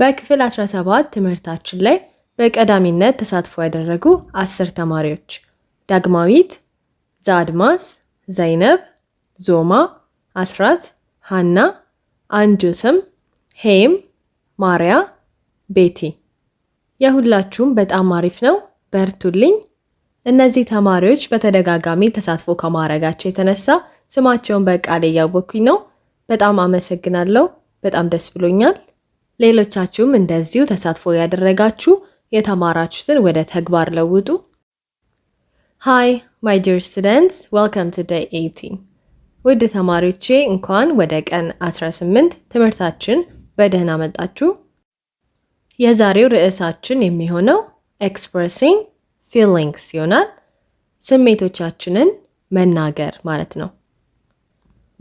በክፍል 17 ትምህርታችን ላይ በቀዳሚነት ተሳትፎ ያደረጉ አስር ተማሪዎች ዳግማዊት፣ ዘአድማስ፣ ዘይነብ፣ ዞማ፣ አስራት፣ ሃና፣ አንጁስም፣ ሄም፣ ማርያ፣ ቤቲ የሁላችሁም በጣም አሪፍ ነው። በርቱልኝ። እነዚህ ተማሪዎች በተደጋጋሚ ተሳትፎ ከማድረጋቸው የተነሳ ስማቸውን በቃል እያወኩኝ ነው። በጣም አመሰግናለሁ። በጣም ደስ ብሎኛል። ሌሎቻችሁም እንደዚሁ ተሳትፎ ያደረጋችሁ የተማራችሁትን ወደ ተግባር ለውጡ። ሃይ ማይ ዲር ስቱደንትስ ዌልካም ቱ ደይ 18 ውድ ተማሪዎቼ እንኳን ወደ ቀን 18 ትምህርታችን በደህና መጣችሁ። የዛሬው ርዕሳችን የሚሆነው ኤክስፕሬሲንግ ፊሊንግስ ይሆናል። ስሜቶቻችንን መናገር ማለት ነው።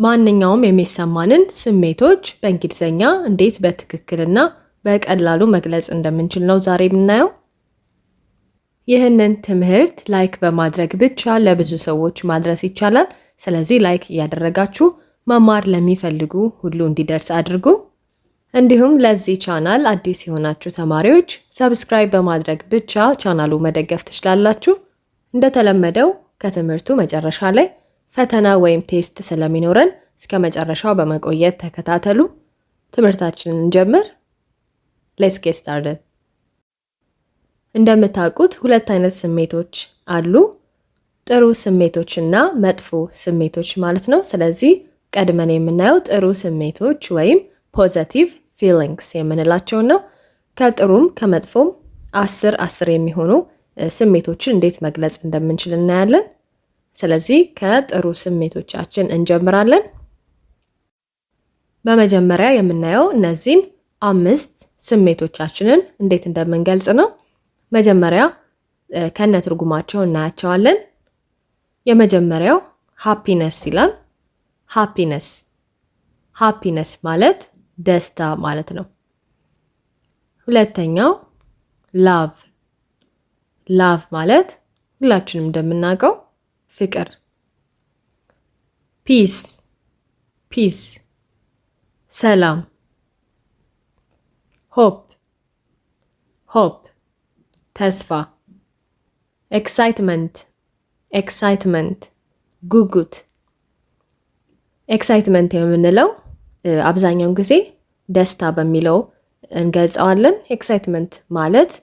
ማንኛውም የሚሰማንን ስሜቶች በእንግሊዝኛ እንዴት በትክክልና በቀላሉ መግለጽ እንደምንችል ነው ዛሬ የምናየው። ይህንን ትምህርት ላይክ በማድረግ ብቻ ለብዙ ሰዎች ማድረስ ይቻላል። ስለዚህ ላይክ እያደረጋችሁ መማር ለሚፈልጉ ሁሉ እንዲደርስ አድርጉ። እንዲሁም ለዚህ ቻናል አዲስ የሆናችሁ ተማሪዎች ሰብስክራይብ በማድረግ ብቻ ቻናሉ መደገፍ ትችላላችሁ። እንደተለመደው ከትምህርቱ መጨረሻ ላይ ፈተና ወይም ቴስት ስለሚኖረን እስከ መጨረሻው በመቆየት ተከታተሉ። ትምህርታችንን እንጀምር። ሌትስ ጌት ስታርትድ። እንደምታውቁት ሁለት አይነት ስሜቶች አሉ፣ ጥሩ ስሜቶች እና መጥፎ ስሜቶች ማለት ነው። ስለዚህ ቀድመን የምናየው ጥሩ ስሜቶች ወይም ፖዘቲቭ ፊሊንግስ የምንላቸውን ነው። ከጥሩም ከመጥፎም አስር አስር የሚሆኑ ስሜቶችን እንዴት መግለጽ እንደምንችል እናያለን። ስለዚህ ከጥሩ ስሜቶቻችን እንጀምራለን። በመጀመሪያ የምናየው እነዚህን አምስት ስሜቶቻችንን እንዴት እንደምንገልጽ ነው። መጀመሪያ ከነ ትርጉማቸው እናያቸዋለን። የመጀመሪያው ሃፒነስ ይላል። ሃፒነስ ሃፒነስ ማለት ደስታ ማለት ነው። ሁለተኛው ላቭ ላቭ ማለት ሁላችንም እንደምናውቀው ፍቅር ፒስ ፒስ ሰላም ሆፕ ሆፕ ተስፋ ኤክሳይትመንት ኤክሳይትመንት ጉጉት ኤክሳይትመንት የምንለው አብዛኛውን ጊዜ ደስታ በሚለው እንገልጸዋለን። ኤክሳይትመንት ማለት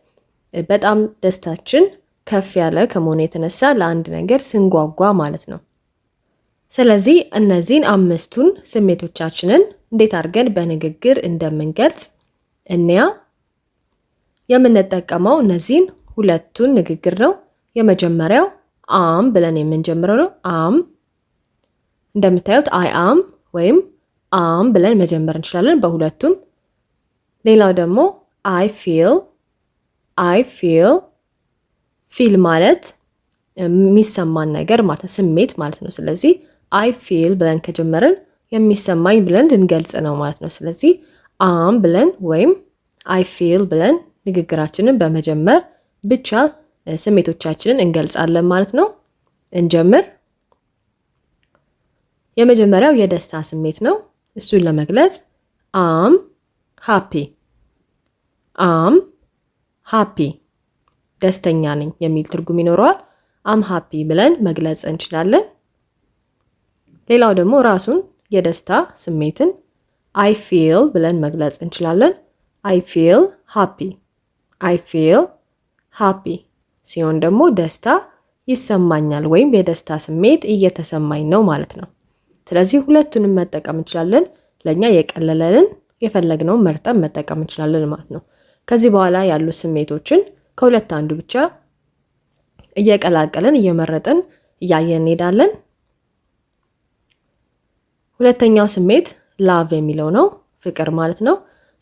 በጣም ደስታችን ከፍ ያለ ከመሆኑ የተነሳ ለአንድ ነገር ስንጓጓ ማለት ነው። ስለዚህ እነዚህን አምስቱን ስሜቶቻችንን እንዴት አድርገን በንግግር እንደምንገልጽ እንያ። የምንጠቀመው እነዚህን ሁለቱን ንግግር ነው። የመጀመሪያው አም ብለን የምንጀምረው ነው። አም እንደምታዩት አይ አም ወይም አም ብለን መጀመር እንችላለን በሁለቱም። ሌላው ደግሞ አይ ፊል አይ ፊል ፊል ማለት የሚሰማን ነገር ማለት ነው፣ ስሜት ማለት ነው። ስለዚህ አይ ፊል ብለን ከጀመርን የሚሰማኝ ብለን ልንገልጽ ነው ማለት ነው። ስለዚህ አም ብለን ወይም አይ ፊል ብለን ንግግራችንን በመጀመር ብቻ ስሜቶቻችንን እንገልጻለን ማለት ነው። እንጀምር። የመጀመሪያው የደስታ ስሜት ነው። እሱን ለመግለጽ አም ሃፒ፣ አም ሃፒ ደስተኛ ነኝ የሚል ትርጉም ይኖረዋል። አም ሃፒ ብለን መግለጽ እንችላለን። ሌላው ደግሞ ራሱን የደስታ ስሜትን አይ ፊል ብለን መግለጽ እንችላለን። አይ ፊል ሃፒ አይ ፊል ሃፒ ሲሆን ደግሞ ደስታ ይሰማኛል ወይም የደስታ ስሜት እየተሰማኝ ነው ማለት ነው። ስለዚህ ሁለቱንም መጠቀም እንችላለን። ለእኛ የቀለለልን የፈለግነውን መርጠን መጠቀም እንችላለን ማለት ነው። ከዚህ በኋላ ያሉ ስሜቶችን ከሁለት አንዱ ብቻ እየቀላቀልን እየመረጥን እያየን እንሄዳለን። ሁለተኛው ስሜት ላቭ የሚለው ነው፣ ፍቅር ማለት ነው።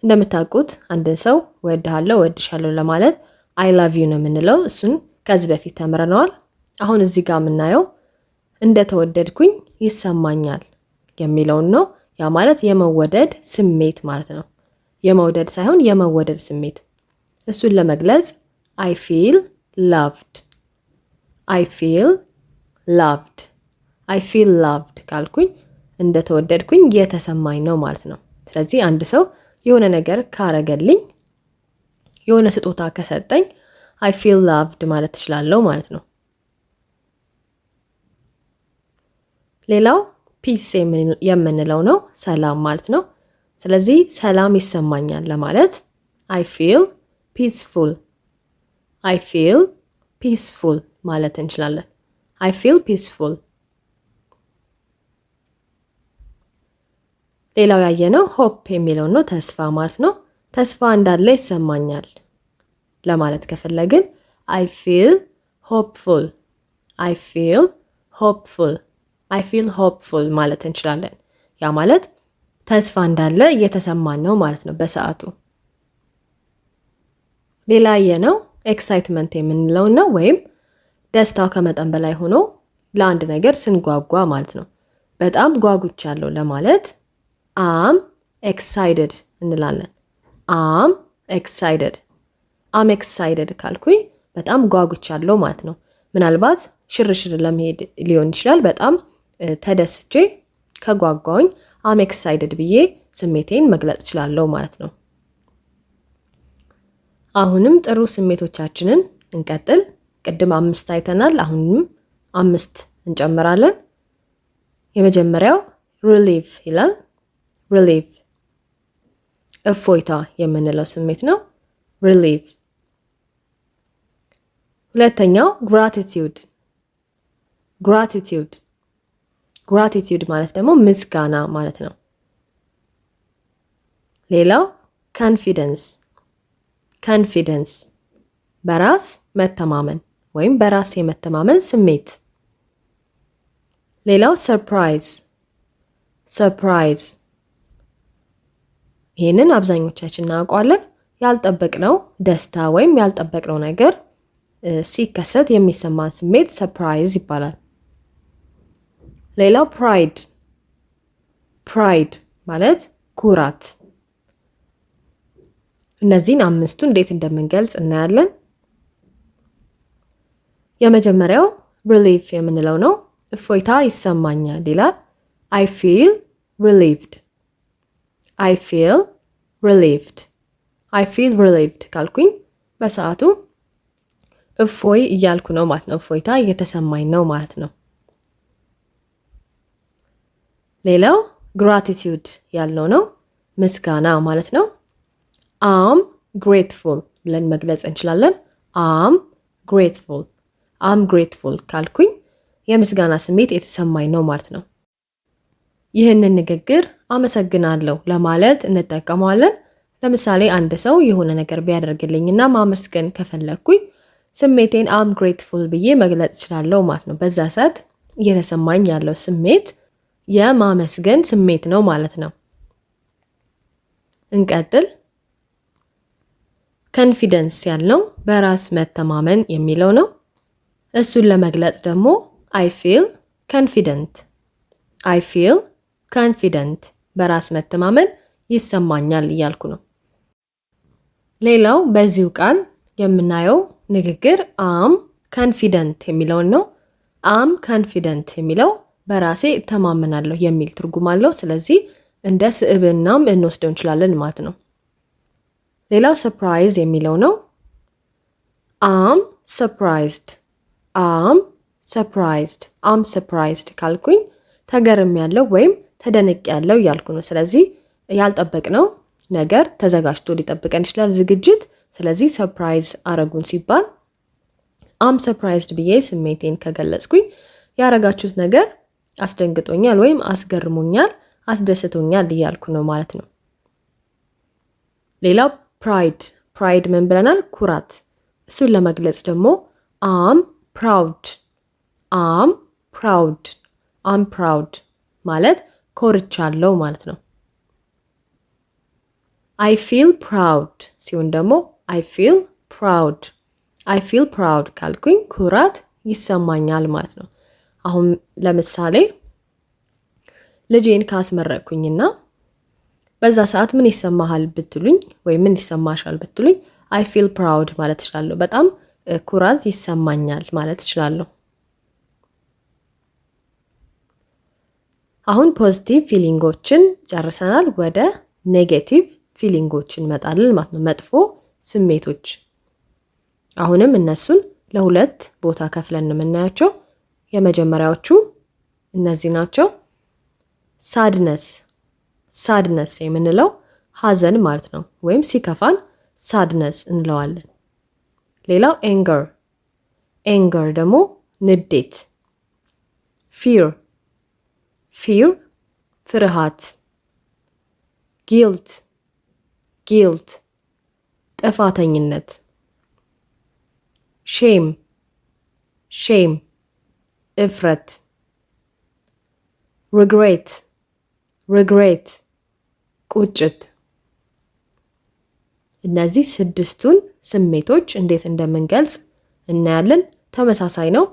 እንደምታውቁት አንድን ሰው እወድሃለሁ፣ እወድሻለሁ ለማለት አይ ላቭ ዩ ነው የምንለው። እሱን ከዚህ በፊት ተምረነዋል። አሁን እዚህ ጋር የምናየው እንደተወደድኩኝ ይሰማኛል የሚለውን ነው። ያ ማለት የመወደድ ስሜት ማለት ነው። የመውደድ ሳይሆን የመወደድ ስሜት እሱን ለመግለጽ አይ ፊል ላቭድ አይ ፊል ላቭድ አይ ፊል ላቭድ ካልኩኝ እንደተወደድኩኝ የተሰማኝ ነው ማለት ነው። ስለዚህ አንድ ሰው የሆነ ነገር ካረገልኝ የሆነ ስጦታ ከሰጠኝ አይ ፊል ላቭድ ማለት ትችላለሁ ማለት ነው። ሌላው ፒስ የምንለው ነው ሰላም ማለት ነው። ስለዚህ ሰላም ይሰማኛል ለማለት አይ ፊል ፒስፉል አይ ፊል ፒስፉል ማለት እንችላለን። አይ ፊል ፒስፉል። ሌላው ያየነው ሆፕ የሚለው ነው፣ ተስፋ ማለት ነው። ተስፋ እንዳለ ይሰማኛል ለማለት ከፈለግን አይ ፊል ሆፕፉል፣ አይ ፊል ሆፕፉል፣ አይ ፊል ሆፕፉል ማለት እንችላለን። ያ ማለት ተስፋ እንዳለ እየተሰማን ነው ማለት ነው በሰዓቱ ሌላ ያየነው ኤክሳይትመንት የምንለው ነው ወይም ደስታው ከመጠን በላይ ሆኖ ለአንድ ነገር ስንጓጓ ማለት ነው። በጣም ጓጉቻለሁ ለማለት አም ኤክሳይደድ እንላለን። አም ኤክሳይደድ አም ኤክሳይደድ ካልኩኝ በጣም ጓጉቻለሁ ማለት ነው። ምናልባት ሽርሽር ለመሄድ ሊሆን ይችላል። በጣም ተደስቼ ከጓጓውኝ አም ኤክሳይደድ ብዬ ስሜቴን መግለጽ እችላለሁ ማለት ነው። አሁንም ጥሩ ስሜቶቻችንን እንቀጥል። ቅድም አምስት አይተናል። አሁንም አምስት እንጨምራለን። የመጀመሪያው ሪሊቭ ይላል። ሪሊቭ እፎይታ የምንለው ስሜት ነው። ሪሊቭ። ሁለተኛው ግራቲቲዩድ ግራቲቲዩድ ግራቲቲዩድ ማለት ደግሞ ምስጋና ማለት ነው። ሌላው ከንፊደንስ። ኮንፊደንስ በራስ መተማመን ወይም በራስ የመተማመን ስሜት። ሌላው ሰርፕራይዝ ሰርፕራይዝ ይህንን አብዛኞቻችን እናውቀዋለን። ያልጠበቅነው ደስታ ወይም ያልጠበቅነው ነገር ሲከሰት የሚሰማን ስሜት ሰርፕራይዝ ይባላል። ሌላው ፕራይድ ፕራይድ ማለት ኩራት እነዚህን አምስቱ እንዴት እንደምንገልጽ እናያለን። የመጀመሪያው ሪሊፍ የምንለው ነው። እፎይታ ይሰማኛል ይላል። አይ ፊል ሪሊቭድ፣ አይ ፊል ሪሊቭድ፣ አይ ፊል ሪሊቭድ ካልኩኝ በሰዓቱ እፎይ እያልኩ ነው ማለት ነው። እፎይታ እየተሰማኝ ነው ማለት ነው። ሌላው ግራቲቲዩድ ያልነው ነው ምስጋና ማለት ነው። አም ግሬትፉል ብለን መግለጽ እንችላለን። አም ግሬትፉል አም ግሬትፉል ካልኩኝ የምስጋና ስሜት የተሰማኝ ነው ማለት ነው። ይህንን ንግግር አመሰግናለሁ ለማለት እንጠቀመዋለን። ለምሳሌ አንድ ሰው የሆነ ነገር ቢያደርግልኝና ማመስገን ከፈለግኩኝ ስሜቴን አም ግሬትፉል ብዬ መግለጽ እችላለሁ ማለት ነው። በዛ ሰዓት እየተሰማኝ ያለው ስሜት የማመስገን ስሜት ነው ማለት ነው። እንቀጥል። ኮንፊደንስ ያለው በራስ መተማመን የሚለው ነው። እሱን ለመግለጽ ደግሞ አይ ፊል ኮንፊደንት፣ አይ ፊል ኮንፊደንት በራስ መተማመን ይሰማኛል እያልኩ ነው። ሌላው በዚሁ ቃል የምናየው ንግግር አም ኮንፊደንት የሚለውን ነው። አም ኮንፊደንት የሚለው በራሴ እተማመናለሁ የሚል ትርጉም አለው። ስለዚህ እንደ ስዕብናም እንወስደው እንችላለን ማለት ነው። ሌላው ሰፕራይዝ የሚለው ነው። አም ሰፕራይዝድ አም ሰርፕራይዝድ፣ አም ሰፕራይዝድ ካልኩኝ ተገርም ያለው ወይም ተደነቅ ያለው እያልኩ ነው። ስለዚህ ያልጠበቅነው ነገር ተዘጋጅቶ ሊጠብቀን ይችላል ዝግጅት። ስለዚህ ሰፕራይዝ አረጉን ሲባል አም ሰፕራይዝድ ብዬ ስሜቴን ከገለጽኩኝ ያረጋችሁት ነገር አስደንግጦኛል ወይም አስገርሞኛል፣ አስደስቶኛል እያልኩ ነው ማለት ነው። ሌላው ፕራይድ ፕራይድ ምን ብለናል? ኩራት። እሱን ለመግለጽ ደግሞ አም ፕራውድ አም ፕራውድ አም ፕራውድ ማለት ኮርቻለሁ ማለት ነው። አይ ፊል ፕራውድ ሲሆን ደግሞ አይ ፊል ፕራውድ አይ ፊል ፕራውድ ካልኩኝ ኩራት ይሰማኛል ማለት ነው። አሁን ለምሳሌ ልጄን ካስመረቅኩኝና በዛ ሰዓት ምን ይሰማሃል ብትሉኝ ወይም ምን ይሰማሻል ብትሉኝ አይ ፊል ፕራውድ ማለት እችላለሁ። በጣም ኩራዝ ይሰማኛል ማለት እችላለሁ። አሁን ፖዚቲቭ ፊሊንጎችን ጨርሰናል። ወደ ኔጌቲቭ ፊሊንጎችን እንመጣለን ማለት ነው። መጥፎ ስሜቶች አሁንም እነሱን ለሁለት ቦታ ከፍለን ነው የምናያቸው። የመጀመሪያዎቹ እነዚህ ናቸው። ሳድነስ ሳድነስ የምንለው ሀዘን ማለት ነው፣ ወይም ሲከፋን ሳድነስ እንለዋለን። ሌላው ኤንገር፣ ኤንገር ደግሞ ንዴት። ፊር፣ ፊር ፍርሃት። ጊልት፣ ጊልት ጥፋተኝነት። ሼም፣ ሼም እፍረት። ሪግሬት፣ ሪግሬት ቁጭት። እነዚህ ስድስቱን ስሜቶች እንዴት እንደምንገልጽ እናያለን። ተመሳሳይ ነው።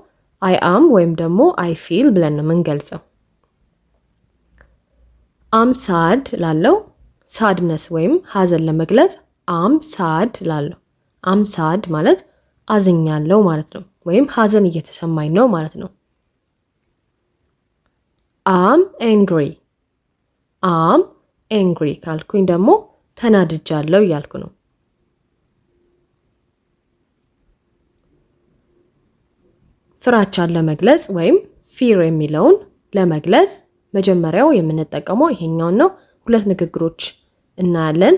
አይ አም ወይም ደግሞ አይ ፊል ብለን ነው የምንገልጸው። አም ሳድ ላለው ሳድነስ ወይም ሀዘን ለመግለጽ አም ሳድ ላለው አም ሳድ ማለት አዝኛለሁ ማለት ነው፣ ወይም ሀዘን እየተሰማኝ ነው ማለት ነው። አም ኤንግሪ አም ኤንግሪ ካልኩኝ ደግሞ ተናድጃለሁ እያልኩ ነው። ፍራቻን ለመግለጽ ወይም ፊር የሚለውን ለመግለጽ መጀመሪያው የምንጠቀመው ይሄኛውን ነው። ሁለት ንግግሮች እናያለን።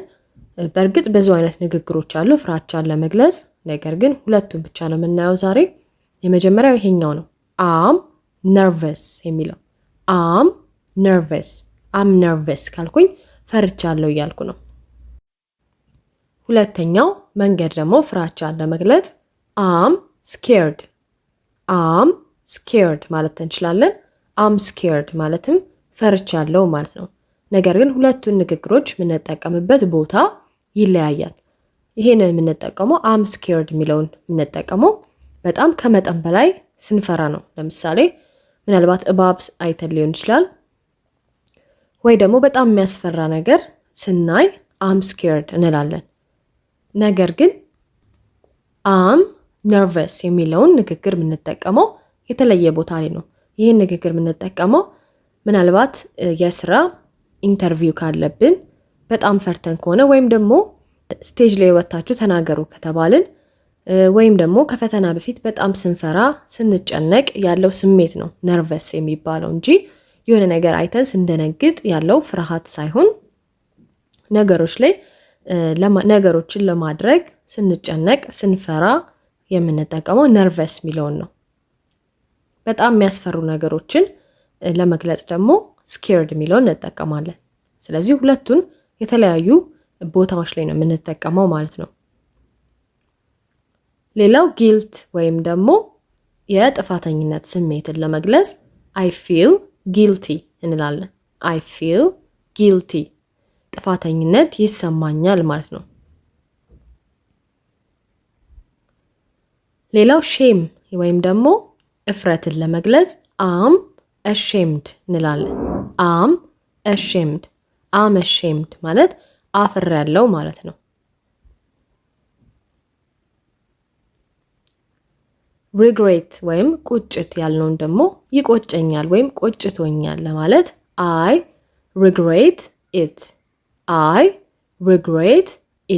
በእርግጥ ብዙ አይነት ንግግሮች አሉ ፍራቻን ለመግለጽ ነገር ግን ሁለቱን ብቻ ነው የምናየው ዛሬ። የመጀመሪያው ይሄኛው ነው። አም ነርቨስ የሚለው አም ነርቨስ አም ነርቨስ ካልኩኝ ፈርቻለሁ እያልኩ ነው። ሁለተኛው መንገድ ደግሞ ፍራቻን ለመግለጽ አም ስኬርድ አም ስኬርድ ማለት እንችላለን። አም ስኬርድ ማለትም ፈርቻለሁ ማለት ነው። ነገር ግን ሁለቱን ንግግሮች የምንጠቀምበት ቦታ ይለያያል። ይሄንን የምንጠቀመው አም ስኬርድ የሚለውን የምንጠቀመው በጣም ከመጠን በላይ ስንፈራ ነው። ለምሳሌ ምናልባት እባብ አይተን ሊሆን ይችላል። ወይ ደግሞ በጣም የሚያስፈራ ነገር ስናይ አም ስኬርድ እንላለን። ነገር ግን አም ነርቨስ የሚለውን ንግግር የምንጠቀመው የተለየ ቦታ ላይ ነው። ይህን ንግግር የምንጠቀመው ምናልባት የስራ ኢንተርቪው ካለብን በጣም ፈርተን ከሆነ ወይም ደግሞ ስቴጅ ላይ ወታችሁ ተናገሩ ከተባልን ወይም ደግሞ ከፈተና በፊት በጣም ስንፈራ ስንጨነቅ ያለው ስሜት ነው ነርቨስ የሚባለው እንጂ የሆነ ነገር አይተን ስንደነግጥ ያለው ፍርሃት ሳይሆን ነገሮች ላይ ነገሮችን ለማድረግ ስንጨነቅ፣ ስንፈራ የምንጠቀመው ነርቨስ የሚለውን ነው። በጣም የሚያስፈሩ ነገሮችን ለመግለጽ ደግሞ ስኬርድ የሚለውን እንጠቀማለን። ስለዚህ ሁለቱን የተለያዩ ቦታዎች ላይ ነው የምንጠቀመው ማለት ነው። ሌላው ጊልት ወይም ደግሞ የጥፋተኝነት ስሜትን ለመግለጽ አይ ፊል ጊልቲ እንላለን። አይ ፊል ጊልቲ ጥፋተኝነት ይሰማኛል ማለት ነው። ሌላው ሼም ወይም ደግሞ እፍረትን ለመግለጽ አም አሼምድ እንላለን። አም አሼምድ አም አሼምድ ማለት አፍሬያለሁ ማለት ነው። ሪግሬት ወይም ቁጭት ያልነውን ደግሞ ይቆጨኛል ወይም ቆጭቶኛል ለማለት አይ ሪግሬት ኢት አይ ሪግሬት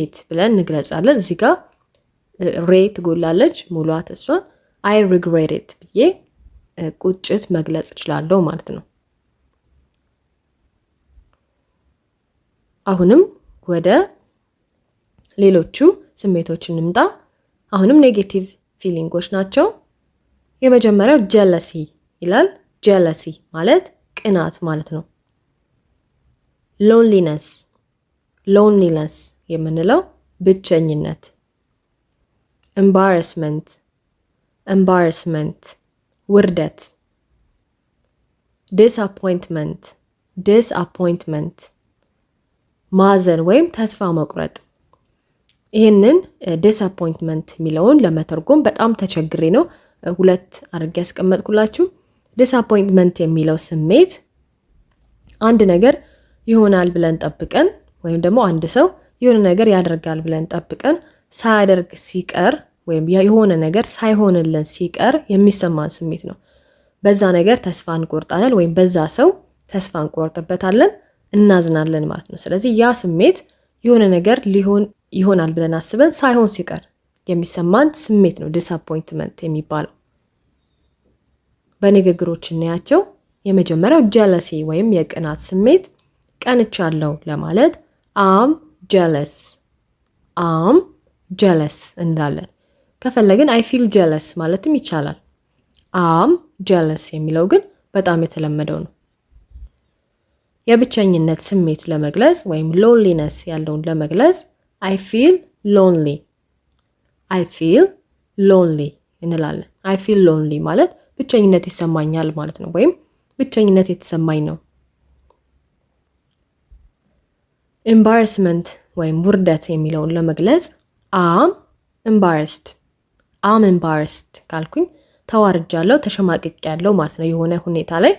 ኢት ብለን እንግለጻለን። እዚህ ጋ ሬ ትጎላለች ሙሏት እሷን አይ ሪግሬት ኢት ብዬ ቁጭት መግለጽ እችላለሁ ማለት ነው። አሁንም ወደ ሌሎቹ ስሜቶች እንምጣ። አሁንም ኔጌቲቭ ፊሊንጎች ናቸው። የመጀመሪያው ጀለሲ ይላል። ጀለሲ ማለት ቅናት ማለት ነው። ሎንሊነስ ሎንሊነስ የምንለው ብቸኝነት። ኤምባራስመንት ኤምባራስመንት ውርደት። ዲስአፖይንትመንት ዲስአፖይንትመንት ማዘን ወይም ተስፋ መቁረጥ ይህንን ዲስአፖይንትመንት የሚለውን ለመተርጎም በጣም ተቸግሬ ነው ሁለት አድርጌ ያስቀመጥኩላችሁ። ዲስአፖይንትመንት የሚለው ስሜት አንድ ነገር ይሆናል ብለን ጠብቀን ወይም ደግሞ አንድ ሰው የሆነ ነገር ያደርጋል ብለን ጠብቀን ሳያደርግ ሲቀር ወይም የሆነ ነገር ሳይሆንልን ሲቀር የሚሰማን ስሜት ነው። በዛ ነገር ተስፋ እንቆርጣለን ወይም በዛ ሰው ተስፋ እንቆርጥበታለን፣ እናዝናለን ማለት ነው። ስለዚህ ያ ስሜት የሆነ ነገር ሊሆን ይሆናል ብለን አስበን ሳይሆን ሲቀር የሚሰማን ስሜት ነው ዲስአፖይንትመንት የሚባለው። በንግግሮች እናያቸው። የመጀመሪያው ጀለሲ ወይም የቅናት ስሜት፣ ቀንቻለሁ ለማለት አም ጀለስ አም ጀለስ እንዳለን። ከፈለግን አይ ፊል ጀለስ ማለትም ይቻላል። አም ጀለስ የሚለው ግን በጣም የተለመደው ነው። የብቸኝነት ስሜት ለመግለጽ ወይም ሎንሊነስ ያለውን ለመግለጽ አይ ፊል ሎንሊ አይ ፊል ሎንሊ እንላለን። አይ ፊል ሎንሊ ማለት ብቸኝነት ይሰማኛል ማለት ነው፣ ወይም ብቸኝነት የተሰማኝ ነው። ኤምባረስመንት ወይም ውርደት የሚለውን ለመግለጽ አም ኤምባረስድ አም ኤምባረስድ ካልኩኝ ተዋርጃለሁ፣ ተሸማቅቄ ያለው ማለት ነው። የሆነ ሁኔታ ላይ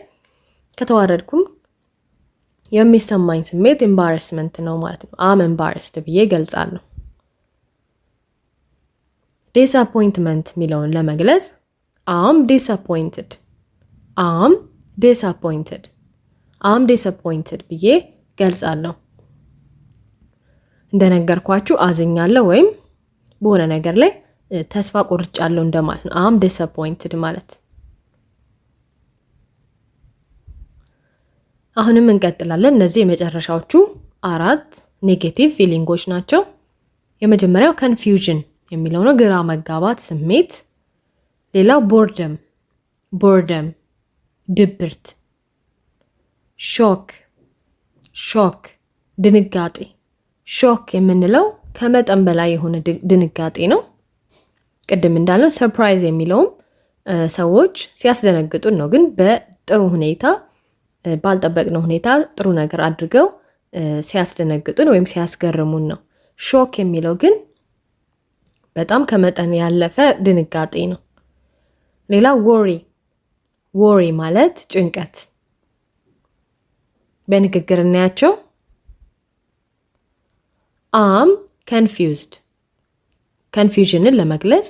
ከተዋረድኩም የሚሰማኝ ስሜት ኤምባረስመንት ነው ማለት ነው። አም ኤምባረስድ ብዬ ገልጻለሁ። ዲስአፖይንትመንት የሚለውን ለመግለጽ አም ዲስአፖይንትድ፣ አም ዲስአፖይንትድ፣ አም ዲስአፖይንትድ ብዬ ገልጻለሁ። እንደነገርኳችሁ አዝኛለሁ ወይም በሆነ ነገር ላይ ተስፋ ቆርጫለሁ እንደማለት ነው። አም ዲስአፖይንትድ ማለት አሁንም እንቀጥላለን። እነዚህ የመጨረሻዎቹ አራት ኔጌቲቭ ፊሊንጎች ናቸው። የመጀመሪያው ከንፊውዥን የሚለው ነው፣ ግራ መጋባት ስሜት። ሌላው ቦርደም ቦርደም ድብርት፣ ሾክ ሾክ ድንጋጤ። ሾክ የምንለው ከመጠን በላይ የሆነ ድንጋጤ ነው። ቅድም እንዳለው ሰርፕራይዝ የሚለውም ሰዎች ሲያስደነግጡን ነው፣ ግን በጥሩ ሁኔታ ባልጠበቅነው ሁኔታ ጥሩ ነገር አድርገው ሲያስደነግጡን ወይም ሲያስገርሙን ነው። ሾክ የሚለው ግን በጣም ከመጠን ያለፈ ድንጋጤ ነው። ሌላ ወሪ፣ ወሪ ማለት ጭንቀት። በንግግር እናያቸው። አም ከንፊውዝድ፣ ከንፊውዥንን ለመግለጽ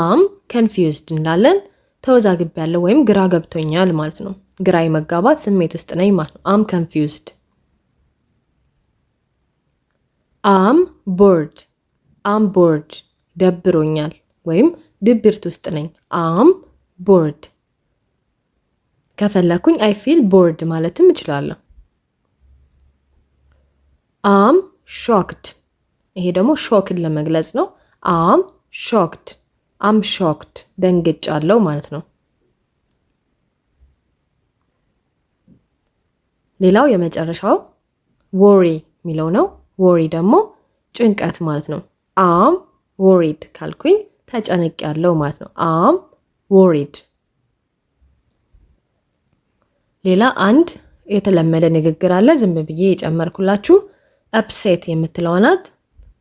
አም ከንፊውዝድ እንላለን። ተወዛግቤያለሁ ወይም ግራ ገብቶኛል ማለት ነው። ግራ መጋባት ስሜት ውስጥ ነኝ ማለት ነው። አም ኮንፊውዝድ፣ አም ቦርድ፣ አም ቦርድ ደብሮኛል ወይም ድብርት ውስጥ ነኝ። አም ቦርድ። ከፈለኩኝ አይ ፊል ቦርድ ማለትም እችላለሁ። አም ሾክድ፣ ይሄ ደግሞ ሾክን ለመግለጽ ነው። አም ሾክድ፣ አም ሾክድ ደንግጫለሁ ማለት ነው። ሌላው የመጨረሻው ወሪ የሚለው ነው። ወሪ ደግሞ ጭንቀት ማለት ነው። አም ወሪድ ካልኩኝ ተጨንቅ ያለው ማለት ነው። አም ወሪድ። ሌላ አንድ የተለመደ ንግግር አለ፣ ዝም ብዬ የጨመርኩላችሁ። አፕሴት የምትለዋ ናት።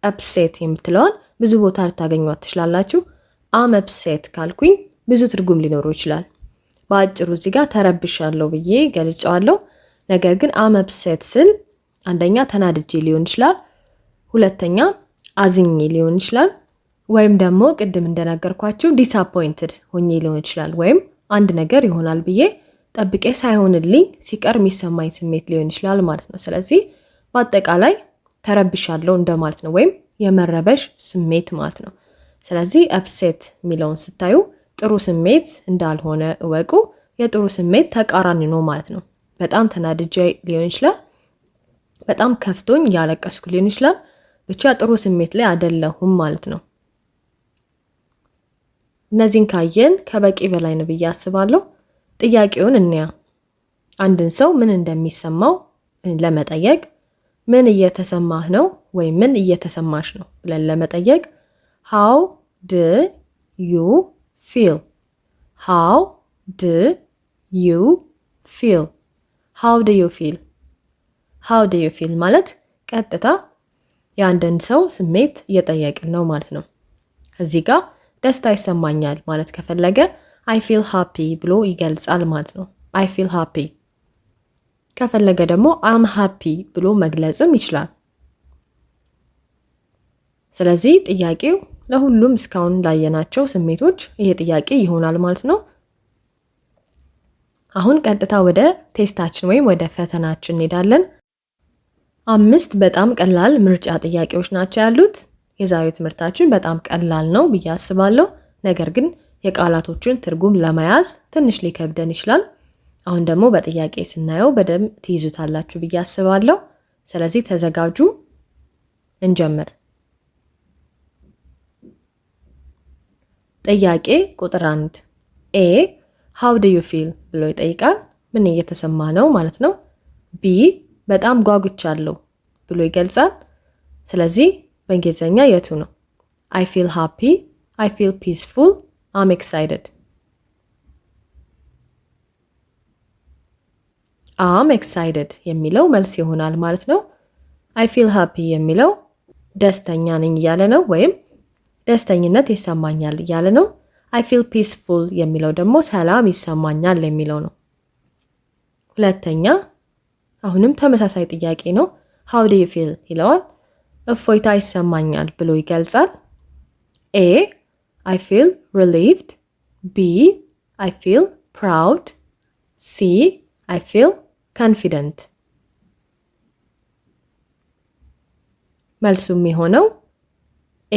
አፕሴት የምትለዋን ብዙ ቦታ ልታገኟት ትችላላችሁ። አም አፕሴት ካልኩኝ ብዙ ትርጉም ሊኖረው ይችላል። በአጭሩ እዚህ ጋር ተረብሻለሁ ብዬ ገልጫዋለሁ። ነገር ግን አመፕሴት ስል አንደኛ ተናድጄ ሊሆን ይችላል፣ ሁለተኛ አዝኜ ሊሆን ይችላል፣ ወይም ደግሞ ቅድም እንደነገርኳችሁ ዲስአፖይንትድ ሆኜ ሊሆን ይችላል። ወይም አንድ ነገር ይሆናል ብዬ ጠብቄ ሳይሆንልኝ ሲቀር የሚሰማኝ ስሜት ሊሆን ይችላል ማለት ነው። ስለዚህ በአጠቃላይ ተረብሻለሁ እንደማለት ነው፣ ወይም የመረበሽ ስሜት ማለት ነው። ስለዚህ አፕሴት የሚለውን ስታዩ ጥሩ ስሜት እንዳልሆነ እወቁ። የጥሩ ስሜት ተቃራኒ ነው ማለት ነው። በጣም ተናድጄ ሊሆን ይችላል፣ በጣም ከፍቶኝ ያለቀስኩ ሊሆን ይችላል። ብቻ ጥሩ ስሜት ላይ አይደለሁም ማለት ነው። እነዚህን ካየን ከበቂ በላይ ነው ብዬ አስባለሁ። ጥያቄውን እንያ። አንድን ሰው ምን እንደሚሰማው ለመጠየቅ ምን እየተሰማህ ነው ወይም ምን እየተሰማሽ ነው ብለን ለመጠየቅ ሃው ድ ዩ ፊል ሃው ድ ዩ ፊል ሃው ዱ ዩ ፊል ሃው ዱ ዩ ፊል ማለት ቀጥታ የአንድን ሰው ስሜት እየጠየቅን ነው ማለት ነው። እዚህ ጋር ደስታ ይሰማኛል ማለት ከፈለገ አይ ፊል ሃፒ ብሎ ይገልጻል ማለት ነው። አይ ፊል ሃፒ ከፈለገ ደግሞ አም ሃፒ ብሎ መግለጽም ይችላል። ስለዚህ ጥያቄው ለሁሉም እስካሁን ላየናቸው ስሜቶች ይሄ ጥያቄ ይሆናል ማለት ነው። አሁን ቀጥታ ወደ ቴስታችን ወይም ወደ ፈተናችን እንሄዳለን። አምስት በጣም ቀላል ምርጫ ጥያቄዎች ናቸው ያሉት። የዛሬው ትምህርታችን በጣም ቀላል ነው ብዬ አስባለሁ። ነገር ግን የቃላቶችን ትርጉም ለመያዝ ትንሽ ሊከብደን ይችላል። አሁን ደግሞ በጥያቄ ስናየው በደንብ ትይዙታላችሁ ብዬ አስባለሁ። ስለዚህ ተዘጋጁ፣ እንጀምር። ጥያቄ ቁጥር አንድ ኤ ሃው ዱ ዩ ፊል ብሎ ይጠይቃል። ምን እየተሰማ ነው ማለት ነው። ቢ በጣም ጓጉቻለሁ ብሎ ይገልጻል። ስለዚህ በእንግሊዝኛ የቱ ነው? አይ ፊል ሃፒ፣ አይ ፊል ፒስፉል፣ አም ኤክሳይትድ። አም ኤክሳይትድ የሚለው መልስ ይሆናል ማለት ነው። አይ ፊል ሃፒ የሚለው ደስተኛ ነኝ እያለ ነው ወይም ደስተኝነት ይሰማኛል እያለ ነው። አይ ፊል ፒስፉል የሚለው ደግሞ ሰላም ይሰማኛል የሚለው ነው። ሁለተኛ አሁንም ተመሳሳይ ጥያቄ ነው። ሃው ዱ ዩ ፊል ይለዋል። እፎይታ ይሰማኛል ብሎ ይገልጻል። ኤ አይ ፊል ሪሊቭድ፣ ቢ አይ ፊል ፕራውድ፣ ሲ አይ ፊል ኮንፊደንት። መልሱም የሆነው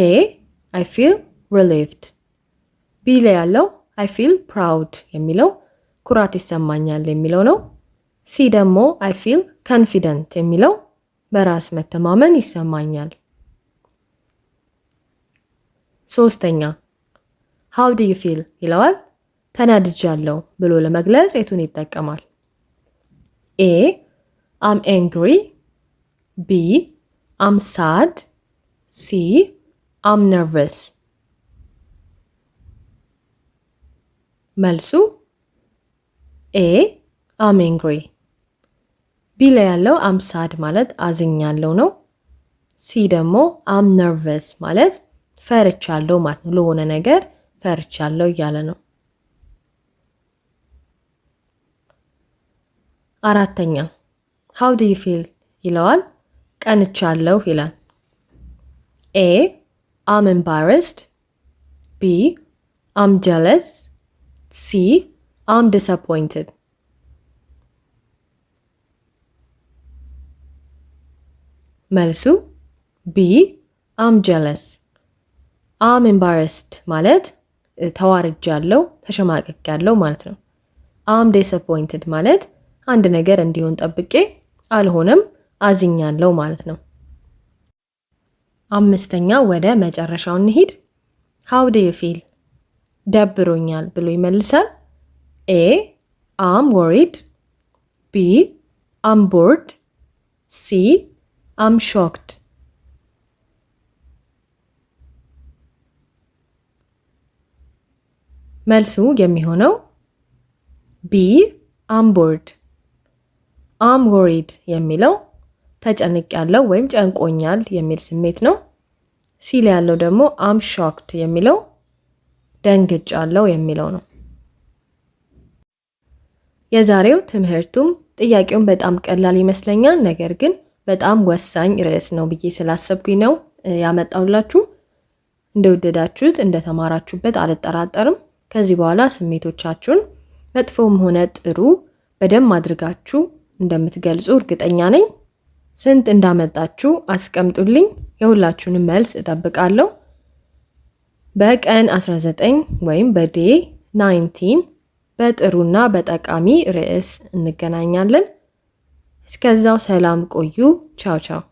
ኤ አይ ፊል ሪሊቭድ ቢ ላይ ያለው አይ ፊል ፕራውድ የሚለው ኩራት ይሰማኛል የሚለው ነው። ሲ ደግሞ አይ ፊል ኮንፊደንት የሚለው በራስ መተማመን ይሰማኛል። ሶስተኛ ሃው ዱ ዩ ፊል ይለዋል። ተናድጃለሁ ብሎ ለመግለጽ የቱን ይጠቀማል? ኤ አም ኤንግሪ፣ ቢ አም ሳድ፣ ሲ አም ነርቨስ መልሱ ኤ አም ኤንግሪ። ቢ ላይ ያለው አም ሳድ ማለት አዝኛለሁ ነው። ሲ ደግሞ አም ነርቨስ ማለት ፈርቻለሁ ማለት ነው። ለሆነ ነገር ፈርቻለሁ እያለ ነው። አራተኛ ሃው ዱ ዩ ፊል ይለዋል። ቀንቻለሁ ይላል። ኤ አም ኤምባረስድ፣ ቢ አም ጀለስ ሲ አም disappointed. መልሱ ቢ አም ጀለስ አም ኤምባረስድ ማለት ተዋርጅ ያለው ማለት ነው። አም ዲስአፖይንትድ ማለት አንድ ነገር እንዲሆን ጠብቄ አልሆነም አዝኛለው ማለት ነው። አምስተኛ ወደ መጨረሻው እንሂድ። ሃው ዱ ዩ ፊል ደብሮኛል ብሎ ይመልሳል? ኤ አም ወሪድ፣ ቢ አም ቦርድ፣ ሲ አም ሾክድ። መልሱ የሚሆነው ቢ አም ቦርድ። አም ወሪድ የሚለው ተጨንቅ ያለው ወይም ጨንቆኛል የሚል ስሜት ነው። ሲል ያለው ደግሞ አም ሾክድ የሚለው ደንግጫለሁ የሚለው ነው። የዛሬው ትምህርቱም ጥያቄውን በጣም ቀላል ይመስለኛል፣ ነገር ግን በጣም ወሳኝ ርዕስ ነው ብዬ ስላሰብኩኝ ነው ያመጣውላችሁ። እንደወደዳችሁት እንደተማራችሁበት አልጠራጠርም። ከዚህ በኋላ ስሜቶቻችሁን መጥፎም ሆነ ጥሩ በደንብ አድርጋችሁ እንደምትገልጹ እርግጠኛ ነኝ። ስንት እንዳመጣችሁ አስቀምጡልኝ። የሁላችሁንም መልስ እጠብቃለሁ። በቀን 19 ወይም በዴ 19 በጥሩና በጠቃሚ ርዕስ እንገናኛለን። እስከዛው ሰላም ቆዩ። ቻው ቻው።